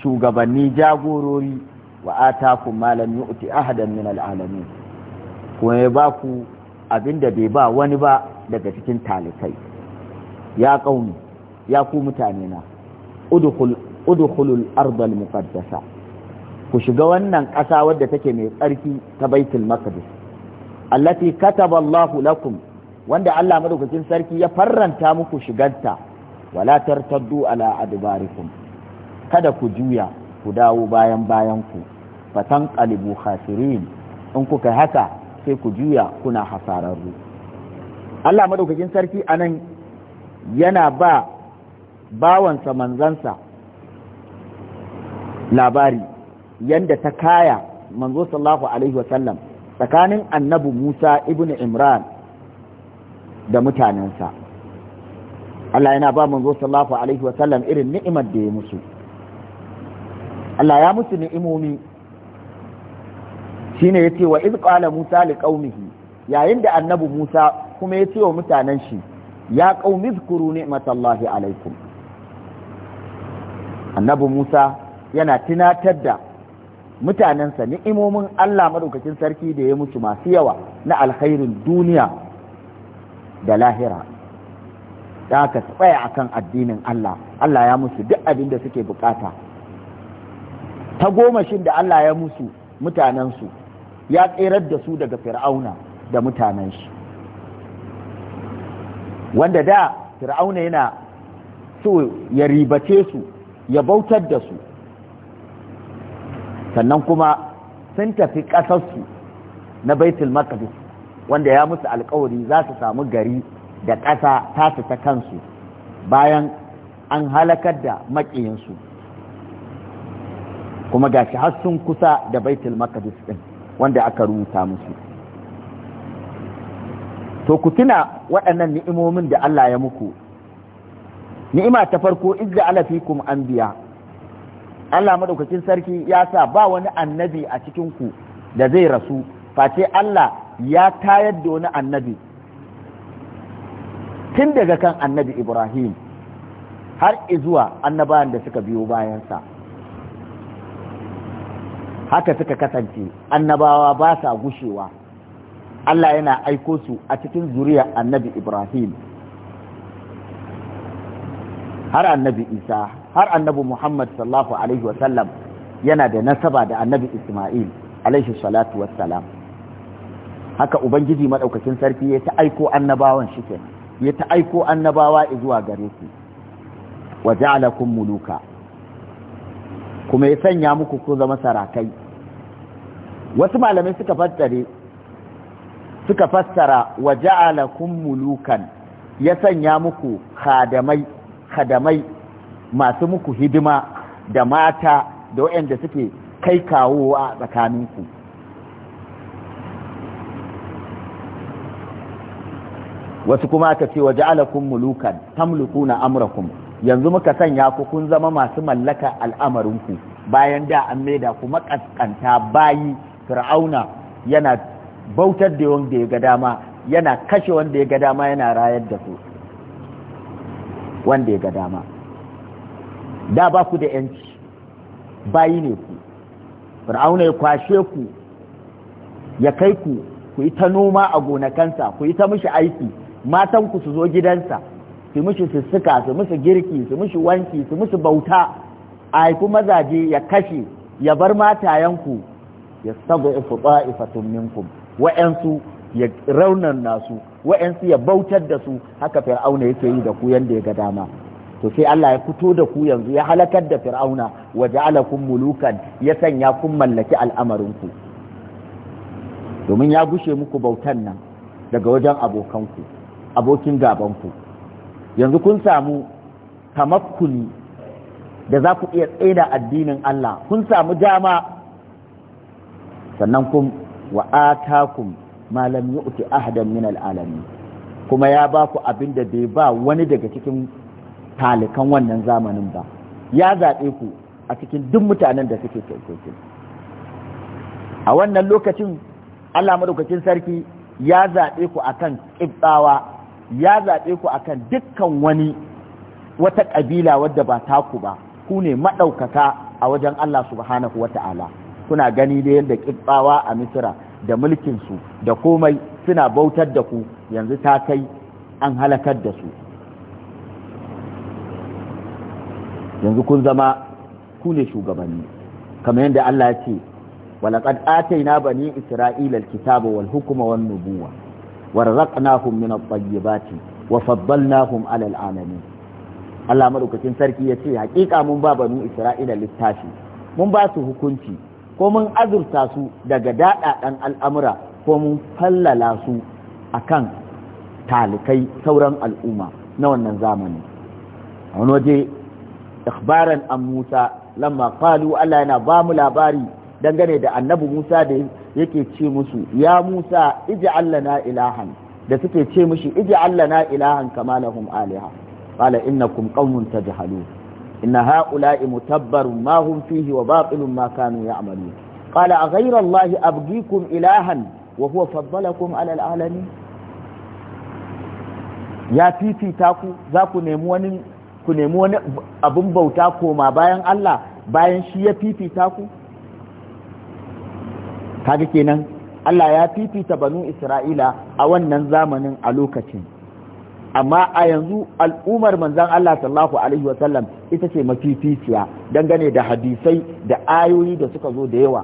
Speaker 1: shugabanni jagorori wa malami ma lam yu'ti ahadan min al'alamin kuma ya ba ku abinda bai ba wani ba daga cikin talikai ya qaumi ya ku mutane na udkhul udkhulul ardal muqaddasa ku shiga wannan ƙasa wadda take mai tsarki ta baitul maqdis allati kataballahu lakum wanda Allah madaukakin sarki ya farranta muku shigarta wala tartaddu ala adbarikum kada ku juya ku dawo bayan bayan ku fatan qalibu khasirin in kuka haka sai ku juya kuna hasararru Allah madaukakin sarki anan yana ba bawansa manzansa labari yanda ta kaya manzo sallallahu alaihi wasallam tsakanin annabi Musa ibnu Imran da mutanensa Allah yana ba manzo sallallahu alaihi wa sallam irin ni'imar da ya musu Allah ya musu ni'imomi shine yace wa iz qala Musa liqaumihi yayin da annabi Musa kuma ya ce wa mutanen shi ya qaumi zkuru ni'matallahi alaikum annabi Musa yana tunatar da mutanensa ni'imomin Allah madaukakin sarki da ya musu masu yawa na alkhairin duniya da lahira da aka tsaya akan addinin Allah Allah ya musu duk abin da suke bukata ta gomashin da Allah ya musu mutanensu ya tserar da su daga fir'auna da mutanen shi wanda da fir'auna yana so ya ribace su ya bautar da su sannan kuma sun tafi ƙasarsu na baitul maqdis wanda ya musu alkawari za su samu gari da ƙasa tasu ta kansu bayan an halakar da maƙiyinsu kuma gashi har sun kusa da baitul maqdis din wanda aka rubuta musu to ku tuna waɗannan ni'imomin da Allah ya muku ni'ima ta farko izza ala fikum anbiya Allah madaukakin sarki ya sa ba wani annabi a cikin ku da zai rasu face Allah ya tayar da wani annabi tun daga kan annabi ibrahim har izuwa annabayan da suka biyo bayansa haka suka kasance annabawa ba sa gushewa Allah yana aiko su a cikin zuriya annabi ibrahim har annabi isa har annabi muhammad sallallahu alaihi wasallam yana da nasaba da annabi isma'il alaihi salatu wassalam haka ubangiji madaukakin sarki ya ta aiko annabawan shi ke ya ta aiko annabawa zuwa gare ku wa ja'alakum muluka kuma ya sanya muku ku zama sarakai wasu malamai suka fassare suka fassara wa ja'alakum mulukan ya sanya muku khadamai khadamai masu muku hidima da mata da waɗanda suke kai kawowa a tsakaninku wasu kuma aka ce wa ja'alakum mulukan tamlukuna amrakum yanzu muka sanya ku kun zama masu mallaka al'amarinku bayan da an maida ku makaskanta bayi fir'auna yana bautar da wanda ya ga dama yana kashe wanda ya ga dama yana rayar da su wanda ya ga dama da ba ku da yanci bayi ne ku fir'auna ya kwashe ku ya kai ku ku yi ta noma a gonakansa ku yi ta mishi aiki matan ku su zo gidansa su mishi sussuka su mishi girki su mishi wanki su mishi bauta a haifi mazaje ya kashe ya bar matayenku ya saba ifu ta'ifatun minkum wa'ansu ya raunan nasu wa'ansu ya bautar da su haka fir'auna yake yi da ku yanda ya ga dama to sai Allah ya fito da ku yanzu ya halakar da fir'auna wa ja'alakum mulukan ya sanya kun mallaki al'amarin ku. domin ya gushe muku bautan nan daga wajen abokanku abokin gabanku yanzu kun samu tamakkuni da za ku iya tsaida addinin Allah kun samu dama sannan kun wa atakum ma lam yu'ti ahadan min al'alamin kuma ya ba ku abin da bai ba wani daga cikin talikan wannan zamanin ba ya zaɓe ku a cikin duk mutanen da suke kyautokin a wannan lokacin Allah madaukakin sarki ya zaɓe ku akan kan ya zaɓe ku akan dukkan wani wata ƙabila wadda ba taku ba ku ne maɗaukaka a wajen Allah subhanahu wata'ala kuna gani da yadda ƙiɓɓawa a misira da mulkinsu da komai suna bautar da ku yanzu ta kai an halakar da su yanzu kun zama ku ne shugabanni kamar yadda Allah ya ce walaƙad na bani isra'ila alkitaba wal hukuma wan nubuwa warzaqnahum min at-tayyibati wa faddalnahum 'ala al-'alamin Allah madaukakin sarki ya ce hakika mun ba banu Isra'ila littafi mun ba su hukunci ko mun azurta su daga daɗaɗan al'amura ko mun fallala su akan talikai sauran al'umma na wannan zamani wani waje ikhbaran an Musa lamma qalu Allah yana ba mu labari dangane da annabi Musa da yake ce musu ya Musa Iji lana ilahan da suke ce mishi ij'al lana ilahan kama lahum aliha qala innakum qaumun tajhalun ina ha'ula'i mutabbaru ma hum fihi wa batilun ma kanu ya'malun qala aghayra allahi abghikum ilahan wa huwa faddalakum ala alalamin ya fifita ku za ku nemi wani ku nemi wani abin bauta koma bayan Allah bayan shi ya fifita ku kaga kenan Allah ya fifita banu Isra'ila a wannan zamanin a lokacin amma a yanzu al'umar manzan Allah sallallahu alaihi wasallam ita ce mafificiya dangane da hadisai da ayoyi da suka zo da yawa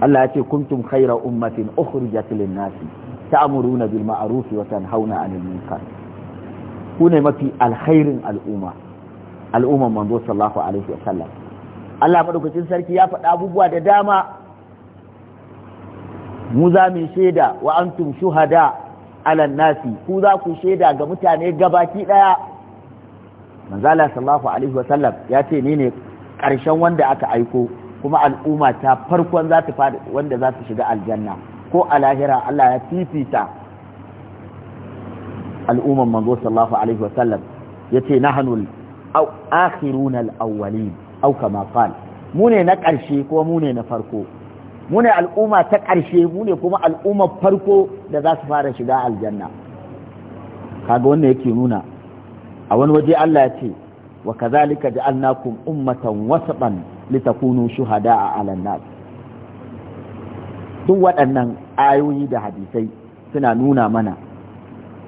Speaker 1: Allah ya ce kuntum khaira ummatin ukhrijat lin-nasi ta'muruna bil ma'ruf wa tanhauna 'anil munkar ku ne mafi alkhairin al'umma al'umman manzo sallallahu alaihi wasallam Allah madaukakin sarki ya faɗa abubuwa da dama mu za mu shaida wa antum shuhada ala nasi ku za ku shaida ga mutane gabaki daya manzala sallallahu alaihi wasallam ya ce ni ne karshen wanda aka aiko kuma al'umma ta farkon za ta fara wanda za su shiga aljanna ko a lahira Allah ya fifita al'umman manzo sallallahu alaihi wasallam ya ce nahanul akhiruna al-awwalin au kama qala mu ne na karshe ko mu ne na farko mu ne al'umma ta ƙarshe mu ne kuma al'ummar farko da za su fara shiga aljanna kaga wannan yake nuna a wani waje Allah ya ce wa kazalika ja'alnakum ummatan wasatan litakunu shuhada'a 'alan nas duk waɗannan ayoyi da hadisai suna nuna mana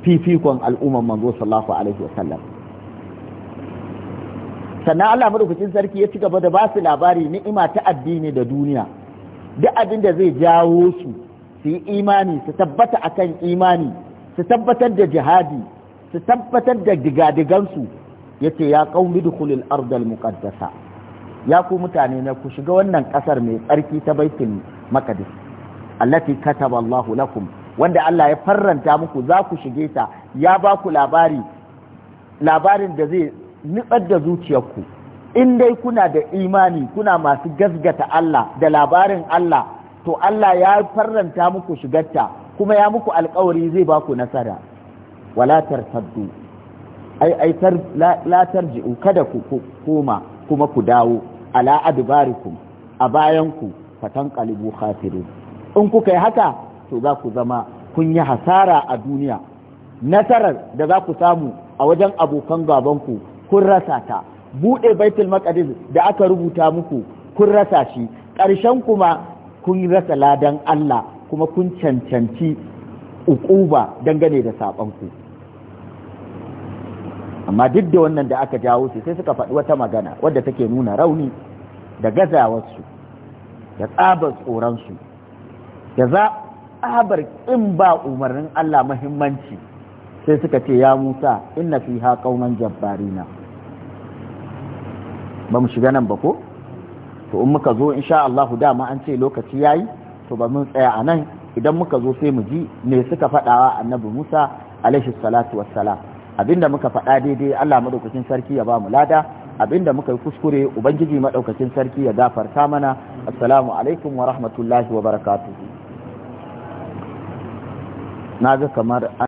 Speaker 1: fifikon al'ummar manzo sallallahu alaihi sallam. sannan Allah madaukakin sarki ya ci gaba da ba su labari ni'ima ta addini da duniya duk abin da zai jawo su su yi imani su tabbata a kan imani su tabbatar da jihadi su tabbatar da digadigansu yace ya qaumi dukhulil ardal muƙaddasa. ya ku mutane na ku shiga wannan ƙasar mai tsarki ta baikin makadis allati kataba Allahu lakum wanda Allah ya farranta muku za ku shige ta ya ba ku labarin da zai nitsar da zuciyarku in dai kuna da imani kuna masu gasgata Allah da labarin Allah to Allah ya farranta muku shigarta kuma ya muku alkawari zai ba ku nasara wala tartaddu ai ai tar la tarji'u kada ku koma kuma ku dawo ala adbarikum a bayan ku fatan qalibu khasirin in kuka yi haka to za ku zama kun yi hasara a duniya nasarar da za ku samu a wajen abokan gabanku kun rasa ta buɗe baitul maqdis da aka rubuta muku kun rasa shi ƙarshen kuma kun rasa ladan Allah kuma kun cancanci uquba dangane da ku. amma duk da wannan da aka jawo su sai suka faɗi wata magana wadda take nuna rauni da gazawarsu da tsabar tsoronsu da za tsabar in ba umarnin Allah muhimmanci sai suka ce ya Musa inna fiha qauman jabbarina ba mu shiga nan ba ko to in muka zo insha Allah dama an ce lokaci yayi to ba mun tsaya a nan idan muka zo sai mu ji me suka faɗawa annabi Musa alaihi salatu wassalam abinda muka faɗa daidai Allah madaukakin sarki ya ba mu lada abinda muka yi kuskure ubangiji madaukakin sarki ya gafarta mana assalamu alaikum wa rahmatullahi wa barakatuh na ga kamar